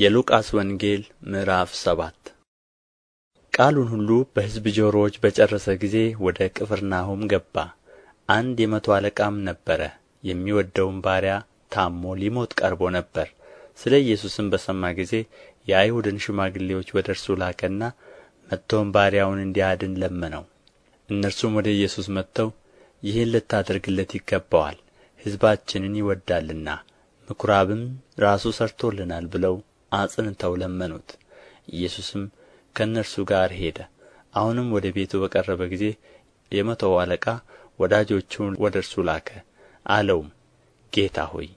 የሉቃስ ወንጌል ምዕራፍ ሰባት ቃሉን ሁሉ በሕዝብ ጆሮዎች በጨረሰ ጊዜ ወደ ቅፍርናሆም ገባ። አንድ የመቶ አለቃም ነበረ፣ የሚወደውም ባሪያ ታሞ ሊሞት ቀርቦ ነበር። ስለ ኢየሱስም በሰማ ጊዜ የአይሁድን ሽማግሌዎች ወደ እርሱ ላከና መጥቶም ባሪያውን እንዲያድን ለመነው። እነርሱም ወደ ኢየሱስ መጥተው ይህን ልታደርግለት ይገባዋል፣ ሕዝባችንን ይወዳልና ምኵራብም ራሱ ሠርቶልናል ብለው አጽንተው ለመኑት ኢየሱስም ከእነርሱ ጋር ሄደ አሁንም ወደ ቤቱ በቀረበ ጊዜ የመቶው አለቃ ወዳጆቹን ወደ እርሱ ላከ አለውም ጌታ ሆይ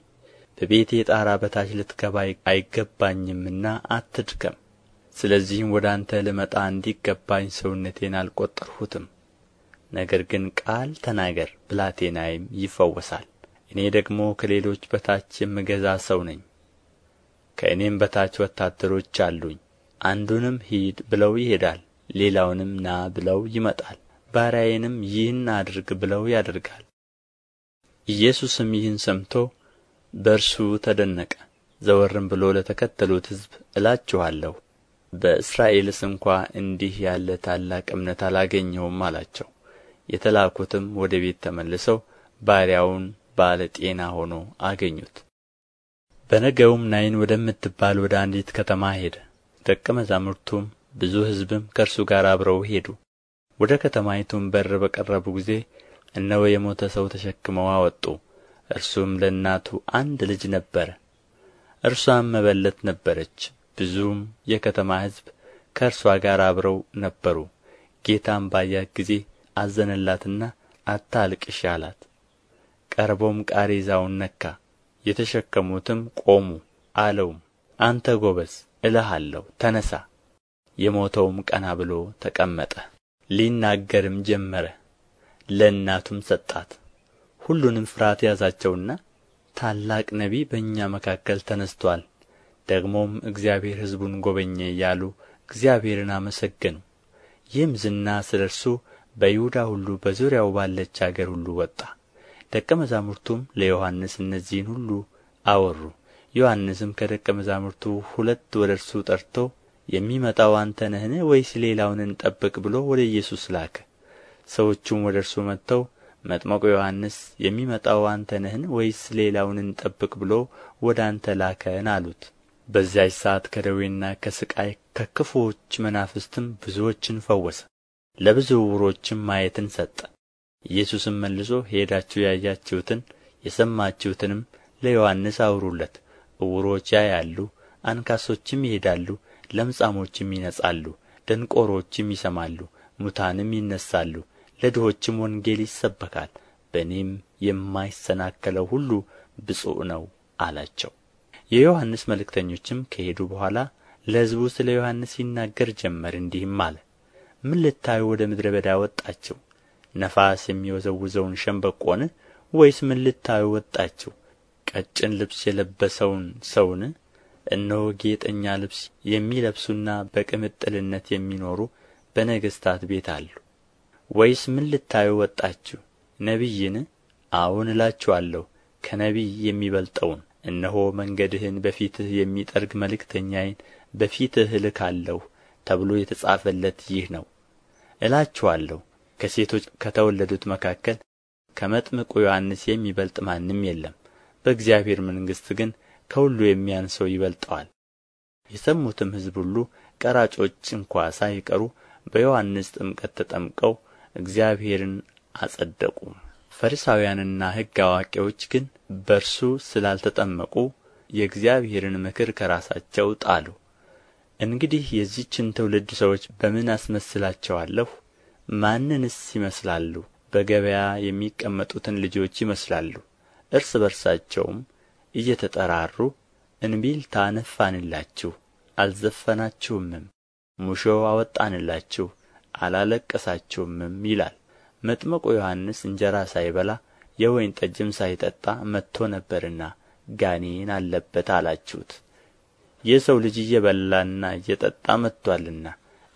በቤቴ ጣራ በታች ልትገባ አይገባኝምና አትድከም ስለዚህም ወደ አንተ ልመጣ እንዲገባኝ ሰውነቴን አልቈጠርሁትም ነገር ግን ቃል ተናገር ብላቴናዬም ይፈወሳል እኔ ደግሞ ከሌሎች በታች የምገዛ ሰው ነኝ ከእኔም በታች ወታደሮች አሉኝ አንዱንም ሂድ ብለው ይሄዳል ሌላውንም ና ብለው ይመጣል ባሪያዬንም ይህን አድርግ ብለው ያደርጋል ኢየሱስም ይህን ሰምቶ በእርሱ ተደነቀ ዘወርም ብሎ ለተከተሉት ሕዝብ እላችኋለሁ በእስራኤልስ እንኳ እንዲህ ያለ ታላቅ እምነት አላገኘሁም አላቸው። የተላኩትም ወደ ቤት ተመልሰው ባሪያውን ባለ ጤና ሆኖ አገኙት። በነገውም ናይን ወደምትባል ወደ አንዲት ከተማ ሄደ። ደቀ መዛሙርቱም ብዙ ሕዝብም ከእርሱ ጋር አብረው ሄዱ። ወደ ከተማይቱም በር በቀረቡ ጊዜ እነሆ የሞተ ሰው ተሸክመው አወጡ። እርሱም ለእናቱ አንድ ልጅ ነበረ፣ እርሷም መበለት ነበረች። ብዙም የከተማ ሕዝብ ከእርሷ ጋር አብረው ነበሩ። ጌታም ባያት ጊዜ አዘነላትና አታልቅሽ አላት። ቀርቦም ቃሬዛውን ነካ የተሸከሙትም ቆሙ። አለውም አንተ ጎበዝ እልሃለሁ ተነሣ። የሞተውም ቀና ብሎ ተቀመጠ፣ ሊናገርም ጀመረ። ለእናቱም ሰጣት። ሁሉንም ፍርሃት ያዛቸውና ታላቅ ነቢይ በእኛ መካከል ተነስቶአል፣ ደግሞም እግዚአብሔር ሕዝቡን ጐበኘ እያሉ እግዚአብሔርን አመሰገኑ። ይህም ዝና ስለ እርሱ በይሁዳ ሁሉ በዙሪያው ባለች አገር ሁሉ ወጣ። ደቀ መዛሙርቱም ለዮሐንስ እነዚህን ሁሉ አወሩ ዮሐንስም ከደቀ መዛሙርቱ ሁለት ወደ እርሱ ጠርቶ የሚመጣው አንተ ነህን ወይስ ሌላውን እንጠብቅ ብሎ ወደ ኢየሱስ ላከ ሰዎቹም ወደ እርሱ መጥተው መጥመቁ ዮሐንስ የሚመጣው አንተ ነህን ወይስ ሌላውን እንጠብቅ ብሎ ወደ አንተ ላከን አሉት በዚያች ሰዓት ከደዌና ከሥቃይ ከክፉዎች መናፍስትም ብዙዎችን ፈወሰ ለብዙ ዕውሮችም ማየትን ሰጠ ኢየሱስም መልሶ ሄዳችሁ ያያችሁትን የሰማችሁትንም ለዮሐንስ አውሩለት ዕውሮች ያያሉ አንካሶችም ይሄዳሉ ለምጻሞችም ይነጻሉ ደንቆሮችም ይሰማሉ ሙታንም ይነሳሉ ለድሆችም ወንጌል ይሰበካል በእኔም የማይሰናከለው ሁሉ ብፁዕ ነው አላቸው የዮሐንስ መልእክተኞችም ከሄዱ በኋላ ለሕዝቡ ስለ ዮሐንስ ይናገር ጀመር እንዲህም አለ ምን ልታዩ ወደ ምድረ በዳ ወጣችሁ ነፋስ የሚወዘውዘውን ሸምበቆን ወይስ ምን ልታዩ ወጣችሁ ቀጭን ልብስ የለበሰውን ሰውን እነሆ ጌጠኛ ልብስ የሚለብሱና በቅምጥልነት የሚኖሩ በነገሥታት ቤት አሉ። ወይስ ምን ልታዩ ወጣችሁ? ነቢይን? አዎን እላችኋለሁ፣ ከነቢይ የሚበልጠውን። እነሆ መንገድህን በፊትህ የሚጠርግ መልእክተኛዬን በፊትህ እልካለሁ ተብሎ የተጻፈለት ይህ ነው። እላችኋለሁ ከሴቶች ከተወለዱት መካከል ከመጥምቁ ዮሐንስ የሚበልጥ ማንም የለም። በእግዚአብሔር መንግሥት ግን ከሁሉ የሚያንሰው ይበልጠዋል። የሰሙትም ሕዝብ ሁሉ ቀራጮች እንኳ ሳይቀሩ በዮሐንስ ጥምቀት ተጠምቀው እግዚአብሔርን አጸደቁ። ፈሪሳውያንና ሕግ አዋቂዎች ግን በእርሱ ስላልተጠመቁ የእግዚአብሔርን ምክር ከራሳቸው ጣሉ። እንግዲህ የዚችን ትውልድ ሰዎች በምን አስመስላቸዋለሁ? ማንንስ ይመስላሉ በገበያ የሚቀመጡትን ልጆች ይመስላሉ እርስ በርሳቸውም እየተጠራሩ እንቢልታ ነፋንላችሁ አልዘፈናችሁምም ሙሾ አወጣንላችሁ አላለቀሳችሁምም ይላል መጥመቆ ዮሐንስ እንጀራ ሳይበላ የወይን ጠጅም ሳይጠጣ መጥቶ ነበርና ጋኔን አለበት አላችሁት የሰው ልጅ እየበላና እየጠጣ መጥቶአልና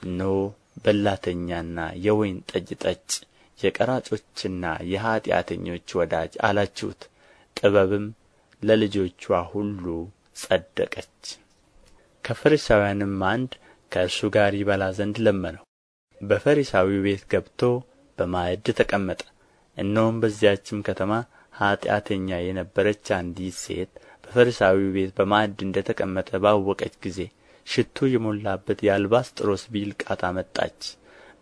እነሆ በላተኛና የወይን ጠጅ ጠጭ የቀራጮችና የኃጢአተኞች ወዳጅ አላችሁት ጥበብም ለልጆቿ ሁሉ ጸደቀች ከፈሪሳውያንም አንድ ከእርሱ ጋር ይበላ ዘንድ ለመነው በፈሪሳዊው ቤት ገብቶ በማዕድ ተቀመጠ እነሆም በዚያችም ከተማ ኃጢአተኛ የነበረች አንዲት ሴት በፈሪሳዊው ቤት በማዕድ እንደ ተቀመጠ ባወቀች ጊዜ ሽቱ የሞላበት የአልባስጥሮስ ቢልቃጥ አመጣች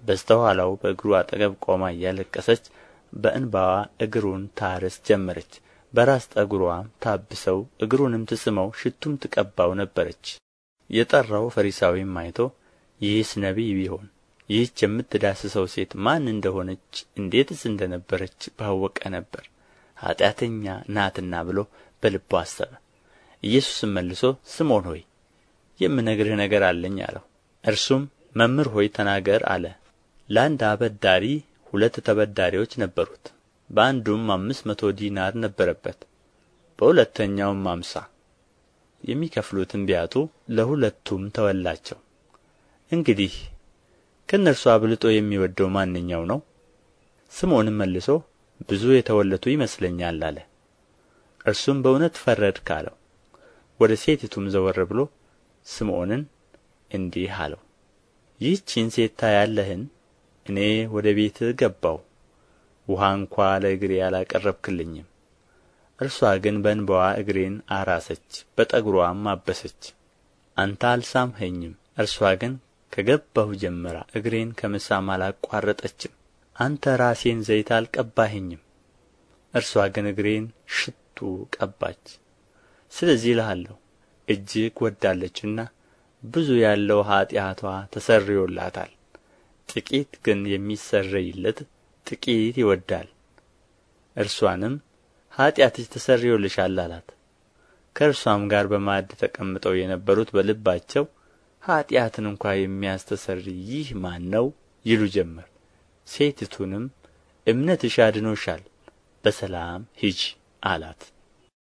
በስተኋላው በእግሩ አጠገብ ቆማ እያለቀሰች በእንባዋ እግሩን ታርስ ጀመረች በራስ ጠጉሯም ታብሰው እግሩንም ትስመው ሽቱም ትቀባው ነበረች የጠራው ፈሪሳዊም አይቶ ይህስ ነቢይ ቢሆን ይህች የምትዳስሰው ሴት ማን እንደሆነች እንዴትስ እንደ ነበረች ባወቀ ነበር ኀጢአተኛ ናትና ብሎ በልቡ አሰበ ኢየሱስም መልሶ ስምዖን ሆይ የምነግርህ ነገር አለኝ አለው። እርሱም መምህር ሆይ ተናገር አለ። ለአንድ አበዳሪ ሁለት ተበዳሪዎች ነበሩት። በአንዱም አምስት መቶ ዲናር ነበረበት፣ በሁለተኛውም አምሳ። የሚከፍሉትን ቢያጡ ለሁለቱም ተወላቸው። እንግዲህ ከእነርሱ አብልጦ የሚወደው ማንኛው ነው? ስምዖንም መልሶ ብዙ የተወለቱ ይመስለኛል አለ። እርሱም በእውነት ፈረድህ አለው። ወደ ሴቲቱም ዘወር ብሎ ስምዖንን እንዲህ አለው ይህችን ሴት ታያለህን እኔ ወደ ቤትህ ገባሁ ውሃ እንኳ ለእግሬ አላቀረብክልኝም እርሷ ግን በእንባዋ እግሬን አራሰች በጠጉሯም አበሰች አንተ አልሳምኸኝም እርሷ ግን ከገባሁ ጀምራ እግሬን ከመሳም አላቋረጠችም አንተ ራሴን ዘይት አልቀባኸኝም እርሷ ግን እግሬን ሽቱ ቀባች ስለዚህ እልሃለሁ እጅግ ወዳለችና ብዙ ያለው ኃጢአቷ ተሰርዮላታል ጥቂት ግን የሚሰረይለት ጥቂት ይወዳል እርሷንም ኃጢአትሽ ተሰርዮልሻል አላት ከእርሷም ጋር በማዕድ ተቀምጠው የነበሩት በልባቸው ኃጢአትን እንኳ የሚያስተሰርይ ይህ ማን ነው ይሉ ጀመር ሴቲቱንም እምነትሽ አድኖሻል በሰላም ሂጂ አላት